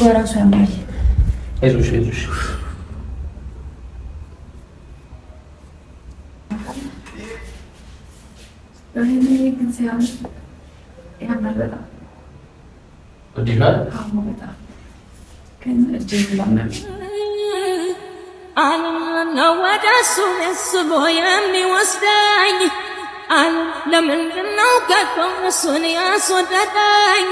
ጋ ራሱ ያማል። አይዞሽ አይዞሽ። አለምነው ለምንድነው ከቶ እሱን ያስወደደኝ?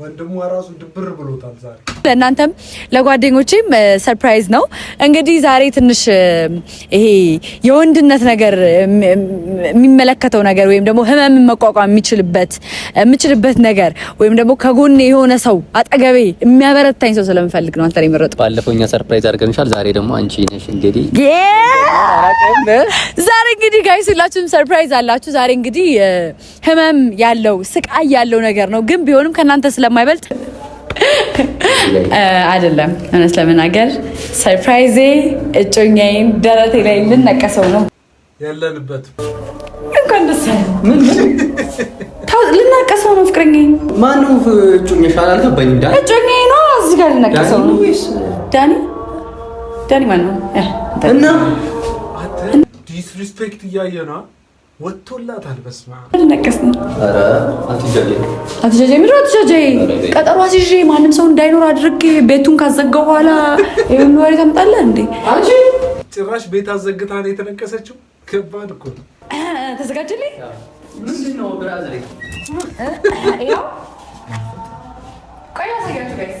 ወንድሙ ራሱ ድብር ብሎታል ዛሬ ለእናንተም ለጓደኞቼም ሰርፕራይዝ ነው። እንግዲህ ዛሬ ትንሽ ይሄ የወንድነት ነገር የሚመለከተው ነገር ወይም ደግሞ ህመም መቋቋም የሚችልበት የምችልበት ነገር ወይም ደግሞ ከጎን የሆነ ሰው አጠገቤ የሚያበረታኝ ሰው ስለምፈልግ ነው። አንተ ይመረጥ ባለፈው እኛ ሰርፕራይዝ አድርገንሻል። ዛሬ ደግሞ አንቺ ነሽ እንግዲህ ዛሬ እንግዲህ ጋይስ ሁላችሁም ሰርፕራይዝ አላችሁ። ዛሬ እንግዲህ ህመም ያለው ስቃይ ያለው ነገር ነው፣ ግን ቢሆንም ከእናንተ ስለማይበልጥ አይደለም። እውነት ለመናገር ሰርፕራይዜ እጮኛዬን ደረቴ ላይ ልነቀሰው ነው ያለንበት። እንኳን ደስ ልናቀሰው ነው ፍቅረኛ ማነው? እጮኛሽ አላልገባኝም። እጮኛዬ ነው እዚህ ጋር ልነቀሰው ነው። ዳኒ ዳኒ ማነው እና ዲስሪስፔክት እያየ ነው ወጥቶላታል። በስመ አብ አትጃጃይ ምንድን አትጃጃይ? ቀጠሮ አስይዤ ማንም ሰው እንዳይኖር አድርጌ ቤቱን ካዘጋው በኋላ ይሁን ወሬ ታምጣለህ እንዴ? ጭራሽ ቤት አዘግታ ነው የተነቀሰችው። ከባድ እኮ ተዘጋጀልኝ። ምንድን ነው ብራዘር? ቆይ አሳያችሁ ጋይስ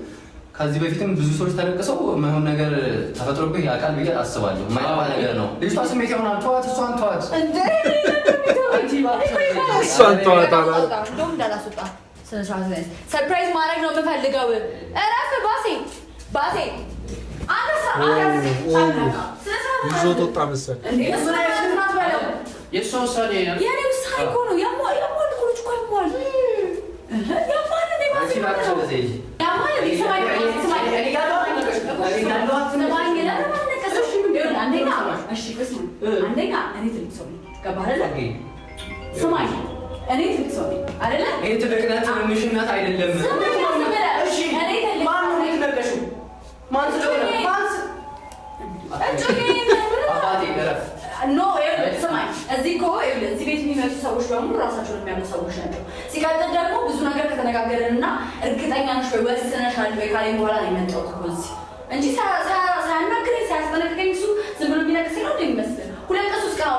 ከዚህ በፊትም ብዙ ሰዎች ተለቅሰው መሆን ነገር ተፈጥሮብህ ያውቃል ብዬ አስባለሁ። የማይሆን ነገር ነው። ልጅቷ ስሜት የሆና ተዋት፣ እሷን ተዋት፣ እሷን ተዋት ሰርፕራይዝ ማድረግ ነው የምፈልገው። እረፍ ባሴ፣ ባሴ ይዞ ወጣ መሰለኝ። የእሷ ውሳኔ ነው ያሟል። አንደኛ እኔ ትልቅ ሰው ነኝ። ገባህ አይደለ? ስማኝ፣ እኔ ትልቅ ሰው ነኝ አይደለ? ይሄ ትልቅነት ምሽነት አይደለም። እዚህ እኮ እዚህ ቤት የሚመጡ ሰዎች በሙሉ ራሳቸውን የሚያምኑ ሰዎች ናቸው። ሲቀጥል ደግሞ ብዙ ነገር ከተነጋገርን እና እርግጠኛ ነሽ ወይ ወስነሻል ወይ ካለኝ በኋላ ነው የመጣሁት እኮ እዚህ እንጂ ሳያናግረኝ ሳያስጠነቅቀኝ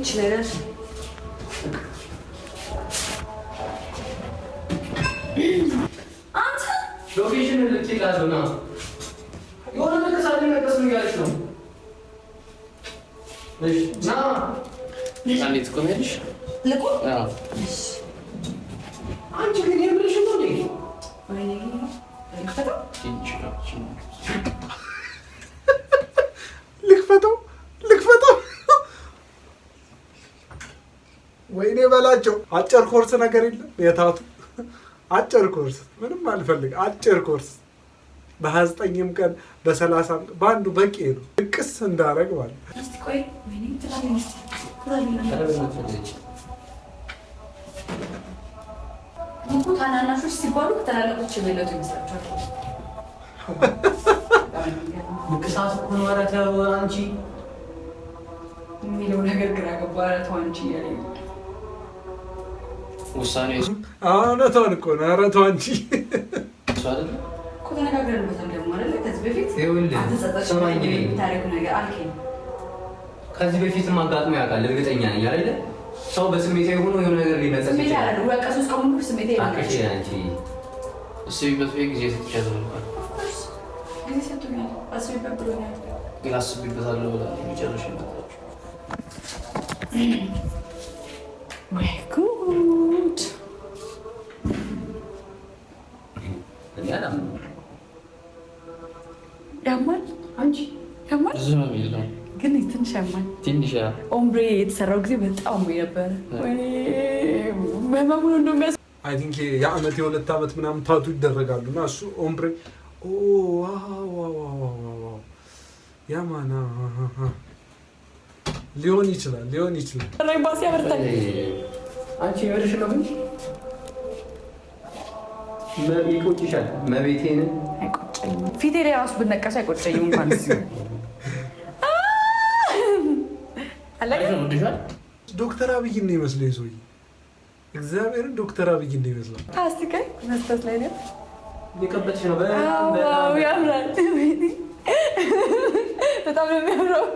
içlere. አንተ ሎኬሽን ልክላቸው ና የሆነ ነገር ሳልነቀስ ነው ያለች ነው። ና እንዴት ቆሜልሽ? ልቁ አንቺ ግን የምልሽ ነው እንዴ? ልክፈተው ልክፈተው ወይኔ በላቸው። አጭር ኮርስ ነገር የለም የታቱ አጭር ኮርስ ምንም አልፈልግ። አጭር ኮርስ በሀያ ዘጠኝም ቀን በሰላሳ በአንዱ በቂ ነው። እቅስ እንዳረግ ማለት ታናናሾች ሲባሉ የበለጡ ይመስላቸዋል። ንቅሳት እኮ ነው። ኧረ ተው አንቺ የሚለው ነገር ግራ ገባ። ኧረ ተው አንቺ እያለኝ ውሳኔ እውነቷን እኮ ነው። ኧረ ተው እንጂ ከዚህ በፊትም አጋጥሞ ያውቃል። እርግጠኛ ነኝ አይደለ? ሰው በስሜት የሆነ የሆነ ነገር ሊመጣ ይችላል። ተሰማኝ። ትንሽ ኦምብሬ የተሰራው ጊዜ በጣም ነበረ በመሙ እንደሚያስ አይ ቲንክ የአመት የሁለት ዓመት ምናምን ታቱ ይደረጋሉ እና እሱ ኦምብሬ ያማና ሊሆን ይችላል ሊሆን ይችላል። ባስ ያበርታል። አንቺ የበለሽ ነው ግን ይቆጭሻል። መቤቴን አይቆጨኝም። ፊቴ ላይ ራሱ ብነቀሱ አይቆጨኝም እንኳን ዶክተር አብይ ነው ይመስለው እግዚአብሔርን ዶክተር አብይ ነው ይመስላል። መስጠት ላይ ነው የቀበጥሽ ነው። በጣም ያምራል። በጣም የሚያምረው።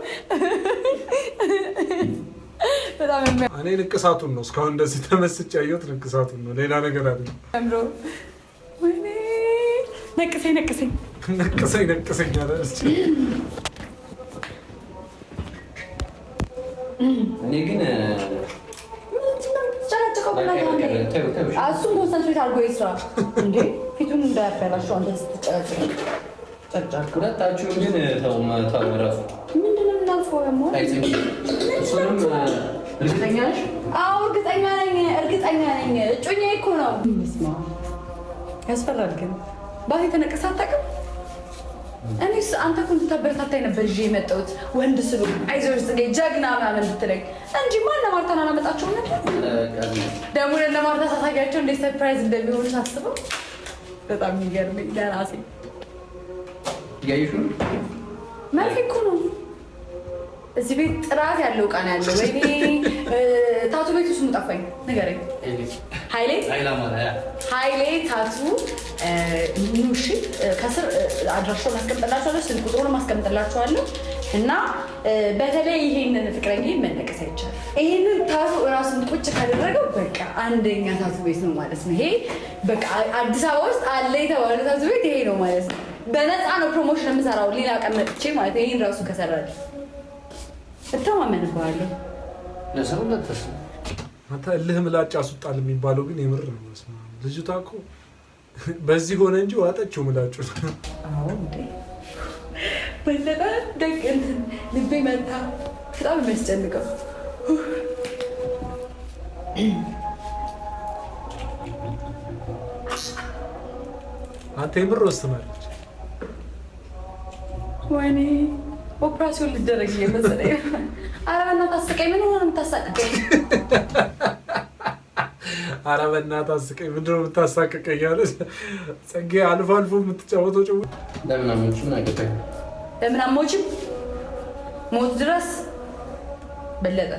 እኔ ንቅሳቱን ነው እስካሁን እንደዚህ ተመስጬ ያየሁት፣ ንቅሳቱን ነው ሌላ ነገር አለ። ነቅሰኝ ነቅሰኝ ነቅሰኝ ነቅሰኝ እኔ ግን እሱን ኮንሰንትሬት አድርጎ ይስራ እንዴ ፊቱን እንዳያበላሽ። አንተ ስትጨረጭቅ ሁለታችሁ ግን ተው ምንድን ነው የምናልፈው? እርግጠኛ ነኝ፣ እርግጠኛ ነኝ። እጮኛዬ እኮ ነው። ያስፈራል ግን ባህሪ ተነቅሳ አታውቅም እኔስ አንተ እኮ እንድታበረታታኝ ነበር ይዤ የመጣሁት ወንድ ስሉ አይዞሽ ጽጌ ጀግና ምናምን እንድትለኝ እንጂ ማን ለማርታን አላመጣቸው ነበር። ደግሞ ለማርታ ሳሳያቸው እንዴት ሰርፕራይዝ እንደሚሆኑ ሳስበው በጣም የሚገርመኝ ለራሴ መልክ እኮ ነው። እዚህ ቤት ጥራት ያለው እቃ ነው ያለው። ወይኔ ታቱ ቤት ውስጥ ጠፋኝ፣ ንገረኝ። ሀይሌ ሀይሌ ታቱ ኑሽ ከስር አድራሻውን ማስቀምጥላችኋለሁ፣ ስልክ ቁጥሩን ማስቀምጥላችኋለሁ። እና በተለይ ይሄንን ፍቅረኛ መነቀስ አይቻልም። ይሄንን ታቱ እራሱን ቁጭ ካደረገው በቃ አንደኛ ታቱ ቤት ነው ማለት ነው። ይሄ በቃ አዲስ አበባ ውስጥ አለ የተባለ ታቱ ቤት ይሄ ነው ማለት ነው። በነፃ ነው ፕሮሞሽን የምሰራው ሌላ ቀመጥቼ ማለት ይህን ራሱ ከሰራል እተማመንብሃለሁ። ለሰው ለተስ አንተ እልህ ምላጭ አስወጣል የሚባለው ግን የምር ነው። መስማ ልጅቷ እኮ በዚህ ሆነ እንጂ ዋጠችው ምላጩ። አዎ እንዴ በለጠ ደግ ልቤ መታ። በጣም የሚያስጨንቀው አንተ የምር ወስናለች። ወይኔ ኦፕራሲዮን ልደረግ እየመሰለኝ ነው። ኧረ በእናትህ አስቀኝ። ምን ሆነ የምታሳቅቀኝ? ኧረ በእናትህ አስቀኝ። ምንድን ነው የምታሳቅቀኝ? አለች ፅጌ። አልፎ አልፎ የምትጫወተው ጭው ለምን አሞችም አገጠኝ። ለምን አሞችም ሞት ድረስ በለጠ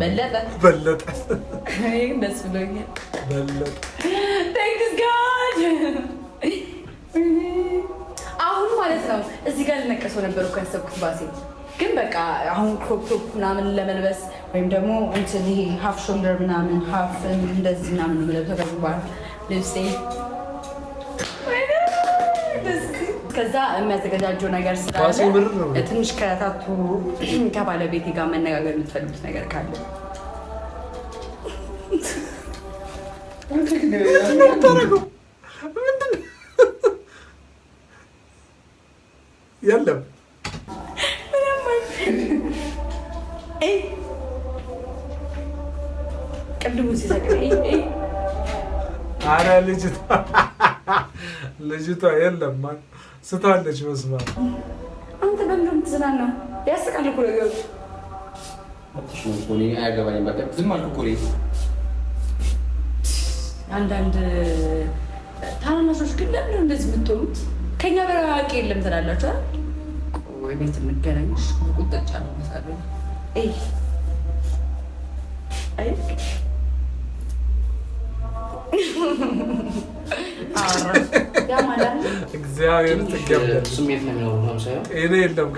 በለጠ በለጠ። ደስ ብሎኛል። በለጠ ቴንክስ ጋድ እዚህ ጋር ልነቀሰው ነበር እኮ ያሰብኩት ባሴ ግን በቃ አሁን ክሮፕቶፕ ምናምን ለመልበስ ወይም ደግሞ እንትን ይሄ ሀፍ ሾልደር ምናምን ሀፍ እንደዚህ ምናምን ምለብ ከዚህ ልብሴ ከዛ የሚያዘገጃጀው ነገር ስላለ ትንሽ ከታቱ ከባለቤቴ ጋር መነጋገር የምትፈልጉት ነገር ካለ ታረጉ ልጅቷ የለም ስታለች። መስማ አንተ በምንም ትዝናና ነው? ያስቃል እኮ አያገባኝም። በቃ ዝም አልኩ እኮ አንዳንድ ታናናሾች ግን ለምን እንደዚህ የምትሆኑት? ከኛ በላይ አዋቂ የለም ትላላችሁ። ቆይ ቤት የምገናኝሽ ቁጠጫ ነው መሳለ እግዚአብሔር ስሜት ነው የለም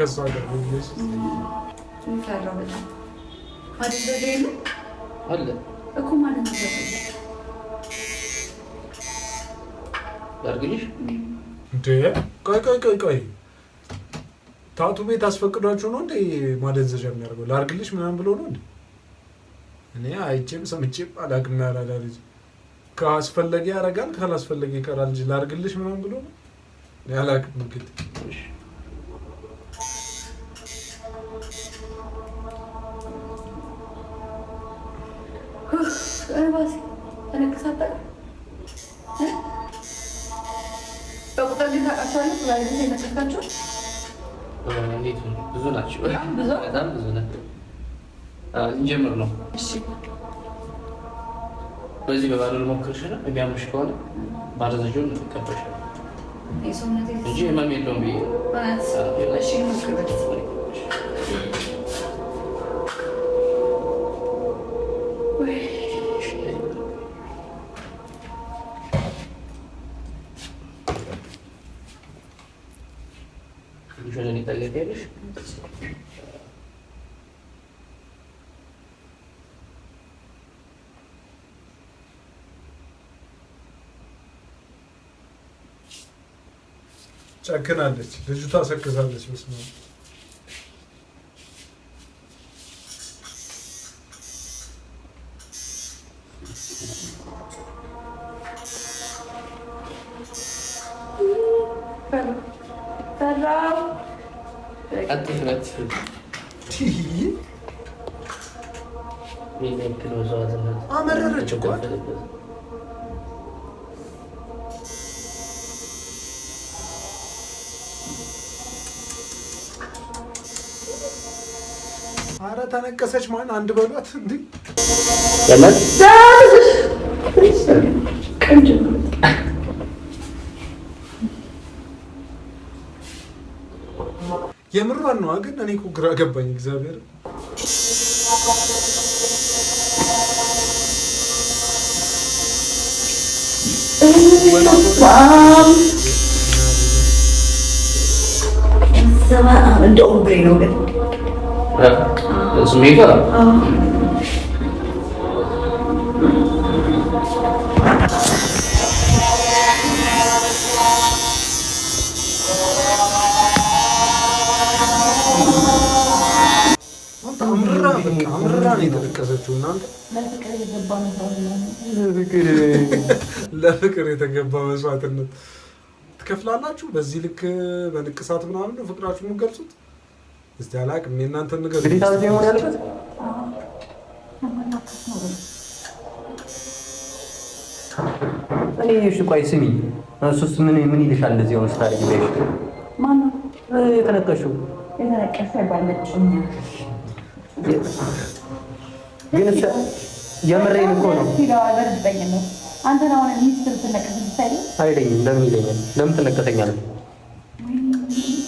ቆይ ቆይ ቆይ ቆይ ታቱ ቤት አስፈቅዷችሁ ነው እንዴ ማደንዘዣ የሚያደርገው? ላድርግልሽ ምናምን ብሎ ነው እንዴ? እኔ አይቼም ሰምቼም አላውቅም። ያራዳ ልጅ ከአስፈለገ ያደርጋል፣ ካላስፈለገ ይቀራል እንጂ ላርግልሽ ምናምን ብሎ ነው ያላቅም። እንግዲህ ብዙ ናቸው፣ በጣም ብዙ ናቸው። እንጀምር ነው በዚህ በባዶ ልሞክርሽ ነው። የሚያምሽ ከሆነ ማደረጃውን እንቀበልሻለሁ እንጂ ህመም የለውም ብዬ ጨክናለች ልጁ ታሰክሳለች። በስመ አብ አረ ተነቀሰች ማን አንድ በሏት እንዴ የምሯን ነው ግን እኔ እኮ ግራ ገባኝ እግዚአብሔር እንደ ነው ግን ስሜቱ ለፍቅር የተገባ መስዋዕትነት ትከፍላላችሁ። በዚህ ልክ በንቅሳት ምናምን ነው ፍቅራችሁ የምትገልጹት። እስቲ አላቅም። የእናንተን ነገር እኔ እሺ፣ ቆይ ስሚ፣ እሱስ ምን ምን ይልሻል? እንደዚህ ሆነ ስታደርጊ ባይሽ ማን የተነቀሽው? ግን የምሬን እኮ ነው። ለምን ይለኛል? ለምን ትነቀሰኛለህ?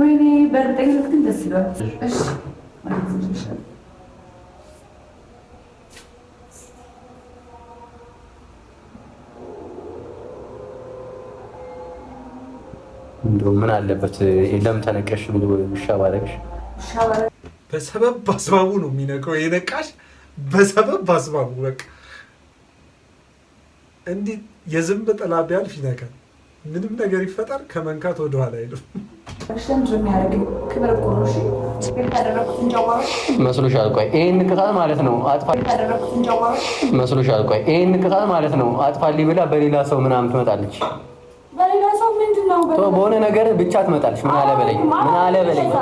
ወይኔ በእርግጠኝነት ግን ደስ ይላል። እንደው ምን አለበት ለምን ተነቀሽ? ምን ውሻ ባረግሽ? በሰበብ በአስባቡ ነው የሚነቀው። የነቃሽ በሰበብ በአስባቡ በቃ እንዲህ የዝንብ ጥላ ቢያልፍ ይነካል። ምንም ነገር ይፈጠር ከመንካት ወደኋላ አይልም። መስሎሻል? ቆይ ይሄን ቅጣት ማለት ነው መስሎሻል? ቆይ ይሄን ቅጣት ማለት ነው አጥፋልኝ ብላ በሌላ ሰው ምናምን ትመጣለች። በሆነ ነገር ብቻ ትመጣለች። ምን አለ በለኝ፣ ምን አለ በለኝ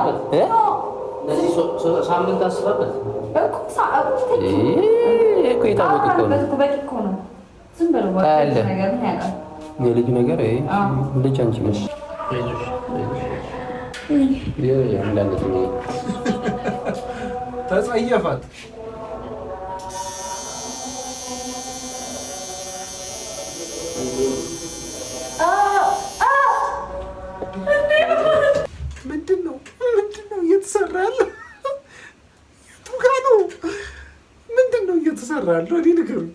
የልጅ ነገር ልጅ አንቺ ነሽ ተጸየፋት። ምንድን ነው ምንድን ነው እየተሰራ ያለው? የቱ ጋ ነው? ምንድን ነው እየተሰራ ያለው? እኔ ንገሩኝ።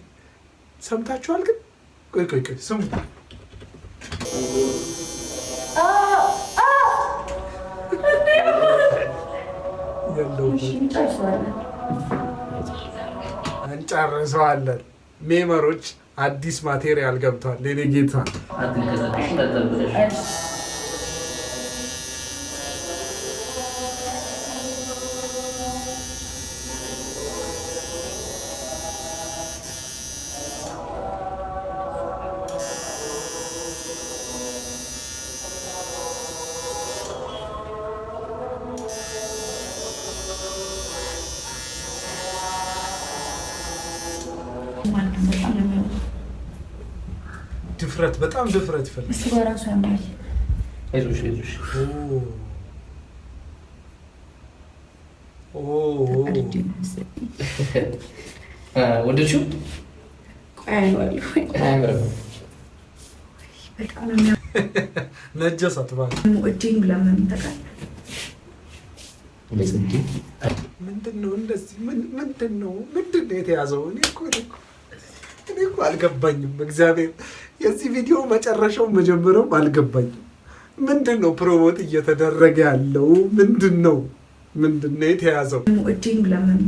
ሰምታችኋል ግን? ቆይ ቆይ ቆይ ስሙ እንጨርሰዋለን። ሜመሮች አዲስ ማቴሪያል ገብቷል። ሌሌ ጌታ በጣም ነው ድፍረት፣ በጣም ድፍረት ይፈልጋል። እሱ በራሱ ያምራል። አይዞሽ አይዞሽ። ወደድሽው? ነጀሳት ለምን ምንድን ነው እንደዚህ? ምንድን ነው ምንድን ነው የተያዘው? እኔ እኮ እኔ እኮ አልገባኝም። እግዚአብሔር የዚህ ቪዲዮ መጨረሻው መጀመሪያውም አልገባኝም። ምንድን ነው ፕሮሞት እየተደረገ ያለው? ምንድን ነው ምንድን ነው የተያዘው? እጅም ለምን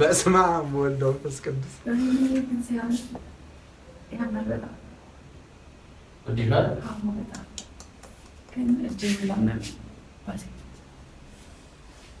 በስመ አብ ወወልድ ወመንፈስ ቅዱስ እንዲህ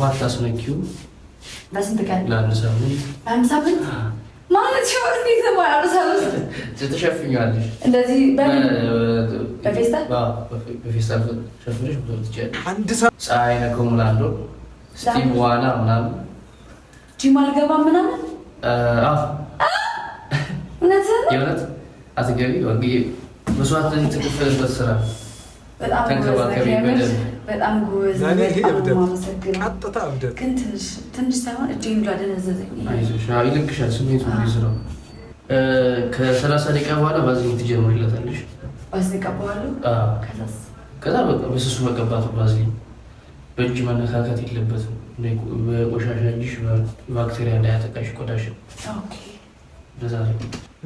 ውሃ ታስነኪው ለስንት ቀን? ለአንድ ሳምንት። ለአንድ ሳምንት ማለት ሸወር እንዴት ነው? ለአንድ ሳምንት ትሸፍኛለሽ። እንደዚህ በፌስታል ሸፍነሽ ብዙ ትችያለሽ። አንድ ሳምንት ፀሐይ ነከው ምናምን ስቲም ዋና ምናምን ጂም አልገባም ምናምን እውነት አትገቢ መስዋዕት ትክፍልበት ስራ ተንከባከቢ በደንብ በጣም ጎበዝ። ቀጥታ እብደት ግን ትንሽ ሳይሆን እጅ ብላ ደነዘዘኝ። ይልክሻል ስሜቱ ስራው። ከሰላሳ ደቂቃ በኋላ ባዝሊን ትጀምርለታለሽ። ባዝሊን ቀባዋለሁ። ከዛ በስሱ መቀባቱ ባዝሊን በእጅ መነካከት የለበትም። በቆሻሻ እጅሽ ባክቴሪያ እንዳያጠቃሽ ቆዳሽ።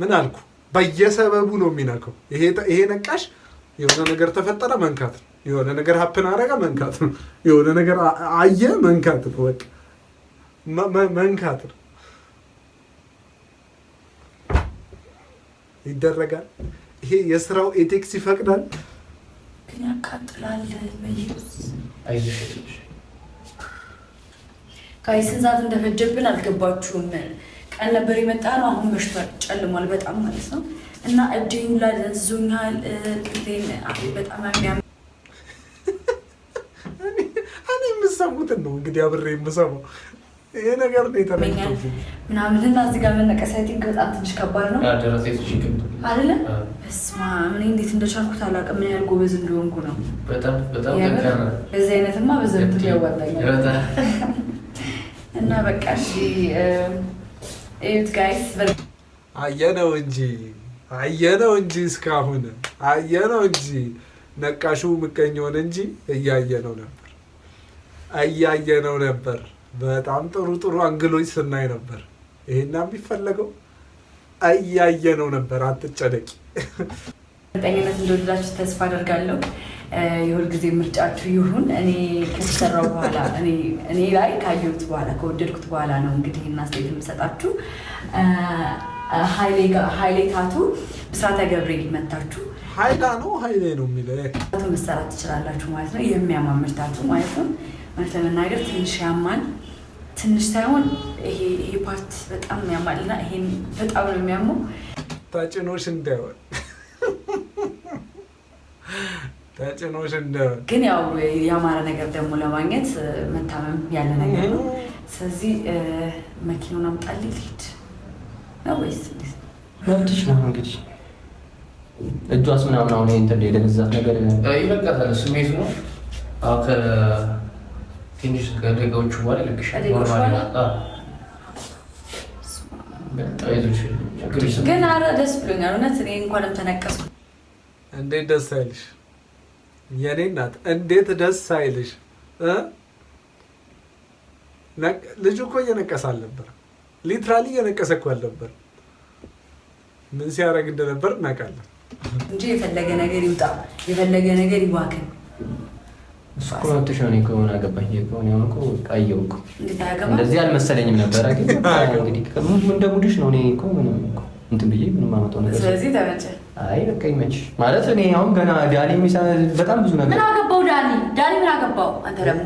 ምን አልኩ? በየሰበቡ ነው የሚነካው። ይሄ ነቃሽ የሆነ ነገር ተፈጠረ መንካት ነው የሆነ ነገር ሀፕን አረጋ መንካት ነው። የሆነ ነገር አየ መንካት ነው። በቃ መንካት ነው። ይደረጋል። ይሄ የስራው ኤቴክስ ይፈቅዳል። ግን ያቃጥላል። ስንት ሰዓት እንደፈጀብን አልገባችሁም። ቀን ነበር የመጣ ነው። አሁን መሽቷል፣ ጨልሟል በጣም ማለት ነው። እና እጅ ሁላ ዞኛል በጣም የምትሰሙትን ነው እንግዲህ አብሬ የምሰማው። ይሄ ነገር ነው የተለመደው ምናምን እና እዚህ ጋር መነቀስ አይቲንክ በጣም ትንሽ ከባድ ነው አይደለ? በስመ አብ እኔ እንዴት እንደቻልኩት አላውቅም። ምን ያህል ጎበዝ እንደሆንኩ ነው። በዚህ አይነትማ በዘንቱ ያዋጣኛል። እና በቃ እሺ እዩት ጋይስ፣ አየነው እንጂ አየነው እንጂ እስካሁን አየነው እንጂ ነቃሹ ምቀኝ ሆነ እንጂ እያየ ነው ነበር ነው ነበር። በጣም ጥሩ ጥሩ አንግሎች ስናይ ነበር። ይሄና የሚፈለገው ነው ነበር። አትጨነቂ። ጠኝነት እንደወደዳችሁ ተስፋ አደርጋለሁ። የሁል ጊዜ ምርጫችሁ ይሁን። እኔ ከተሰራው በኋላ እኔ ላይ ካየሁት በኋላ ከወደድኩት በኋላ ነው እንግዲህ እናስሌት የምሰጣችሁ ሀይሌ ታቱ ብስራተ ገብርኤል መታችሁ ሀይላ ነው ሀይሌ ነው የሚለው መሰራት ትችላላችሁ ማለት ነው። የሚያማምር ታቱ ማለት ነው። ማለት ለመናገር ትንሽ ያማን ትንሽ ሳይሆን ይሄ ፓርት በጣም ያማል እና ይሄን በጣም ነው የሚያመው። ታጭኖሽ እንዳይሆን ታጭኖሽ እንዳይሆን። ግን ያው የአማረ ነገር ደግሞ ለማግኘት መታመም ያለ ነገር ነው። ስለዚህ መኪናውን አምጣልኝ ልሂድ ነው ወይስ መብትሽ ነው እንግዲህ እጇስ ምናምን አሁን ይሄ እንትን የደነዛት ነገር ይበቃታል። ስሜት ነው ትንሽ ከደጋዎቹ በኋላ ይልቅሻል። ኖርማል ግን ደስ ብሎኛል። እውነት እኔ እንኳንም ተነቀስኩ። እንዴት ደስ አይልሽ የኔ እናት? እንዴት ደስ አይልሽ? ልጁ እኮ እየነቀሰ አልነበር፣ ሊትራሊ እየነቀሰ እኮ አልነበር። ምን ሲያደርግ እንደነበር እናውቃለን እንጂ የፈለገ ነገር ይውጣ፣ የፈለገ ነገር ይዋክን እሱ እኮ ነው ተሾኔ ከሆነ አገባኝ ከሆነ ያልኩ ቀየውኩ እንደዚህ አልመሰለኝም ነበረ። ግን እንግዲህ እንደ ሙድሽ ነው። እኔ እኮ ምንም እኮ እንትን ብዬ ምንም አመጣው ነገር ስለዚህ ተመቸ። አይ በቃ ይመች ማለት እኔ አሁን ገና ዳኒ በጣም ብዙ ነገር ምን አገባው ዳኒ ዳኒ ምን አገባው አንተ ደግሞ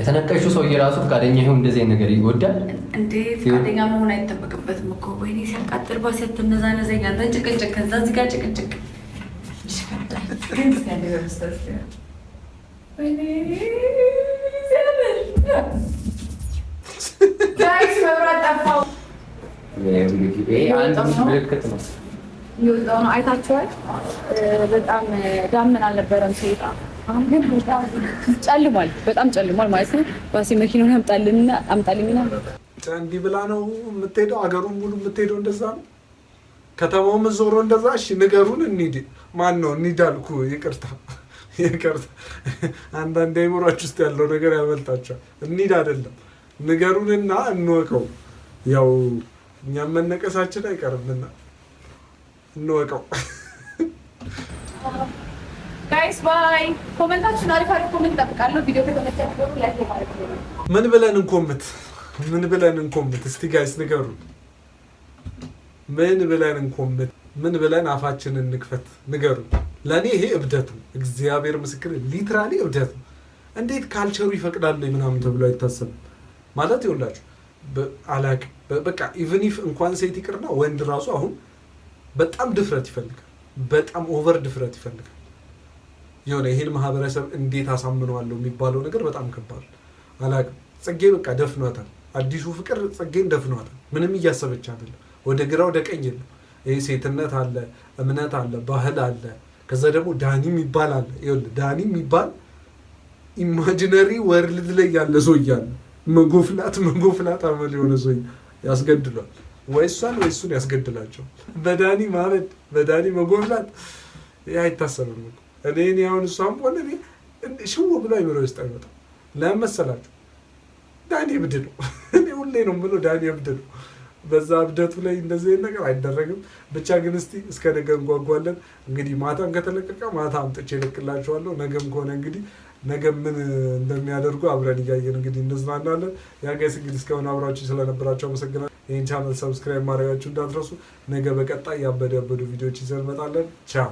የተነቀሹ ሰው ራሱ ፈቃደኛ ይሁን እንደዚህ ነገር ይወዳል እንዴ? ፈቃደኛ መሆን አይጠበቅበትም እኮ ወይኔ ሲያቃጥር ባስ ያትነዛ ነዘኛ ጭቅጭቅ ከዛ እዚህ ጋር ጭቅጭቅ ምልክት ነው አልነበረም ጨልሟል። በጣም ጨልሟል ማለት ነው። ባሴ መኪናውን አምጣልንና አምጣልኝና እንዲህ ብላ ነው የምትሄደው። አገሩን ሙሉ የምትሄደው እንደዛ ነው። ከተማውም ዞሮ እንደዛ። እሺ ንገሩን እንሂድ። ማን ነው እንሂድ አልኩ። ይቅርታ ይቅርታ አንዳንድ አይምሯችሁ ውስጥ ያለው ነገር ያመልጣቸዋል። እንሂድ አይደለም ንገሩንና እንወቀው። ያው እኛም መነቀሳችን አይቀርምና እንወቀው። ምን ብለን እንኮምት? ምን ብለን እንኮምት? እስቲ ጋይስ ንገሩ። ምን ብለን እንኮምት? ምን ብለን አፋችንን እንክፈት? ንገሩን። ለእኔ ይሄ እብደት ነው። እግዚአብሔር ምስክር ሊትራሊ እብደት ነው። እንዴት ካልቸሩ ይፈቅዳል ምናምን ተብሎ አይታሰብም ማለት ይውላችሁ አላቅ በቃ ኢቨን ኢፍ እንኳን ሴት ይቅርና ወንድ ራሱ አሁን በጣም ድፍረት ይፈልጋል። በጣም ኦቨር ድፍረት ይፈልጋል። የሆነ ይሄን ማህበረሰብ እንዴት አሳምነዋለሁ የሚባለው ነገር በጣም ከባድ አላቅ። ጽጌ በቃ ደፍኗታል። አዲሱ ፍቅር ጽጌን ደፍኗታል። ምንም እያሰበች አይደለም። ወደ ግራ ወደ ቀኝ የለም። ሴትነት አለ፣ እምነት አለ፣ ባህል አለ ከዛ ደግሞ ዳኒ የሚባል አለ። ይኸውልህ ዳኒ የሚባል ኢማጂነሪ ወርልድ ላይ ያለ ሰው እያለ መጎፍላት መጎፍላት አመል የሆነ ሰው ያስገድሏል። ወይ እሷን ወይ እሱን ያስገድላቸው። በዳኒ ማበድ በዳኒ መጎፍላት አይታሰብም። እኔ እኔ አሁን እሷም ሆነ ሽው ብሎ አይምሮ ውስጥ አይመጣም። ለምን መሰላችሁ? ዳኒ እብድ ነው። እኔ ሁሌ ነው ብሎ ዳኒ እብድ ነው። በዛ እብደቱ ላይ እንደዚህ ነገር አይደረግም። ብቻ ግን እስቲ እስከ ነገ እንጓጓለን። እንግዲህ ማታም ከተለቀቀ ማታ አምጥቼ እልክላችኋለሁ። ነገም ከሆነ እንግዲህ ነገ ምን እንደሚያደርጉ አብረን እያየን እንግዲህ እንዝናናለን። ያገስ እንግዲህ እስካሁን አብራችሁ ስለነበራቸው አመሰግናለሁ። ይህን ቻናል ሰብስክራይብ ማድረጋችሁ እንዳትረሱ። ነገ በቀጣይ ያበደ ያበዱ ቪዲዮዎች ይዘን እንመጣለን። ቻው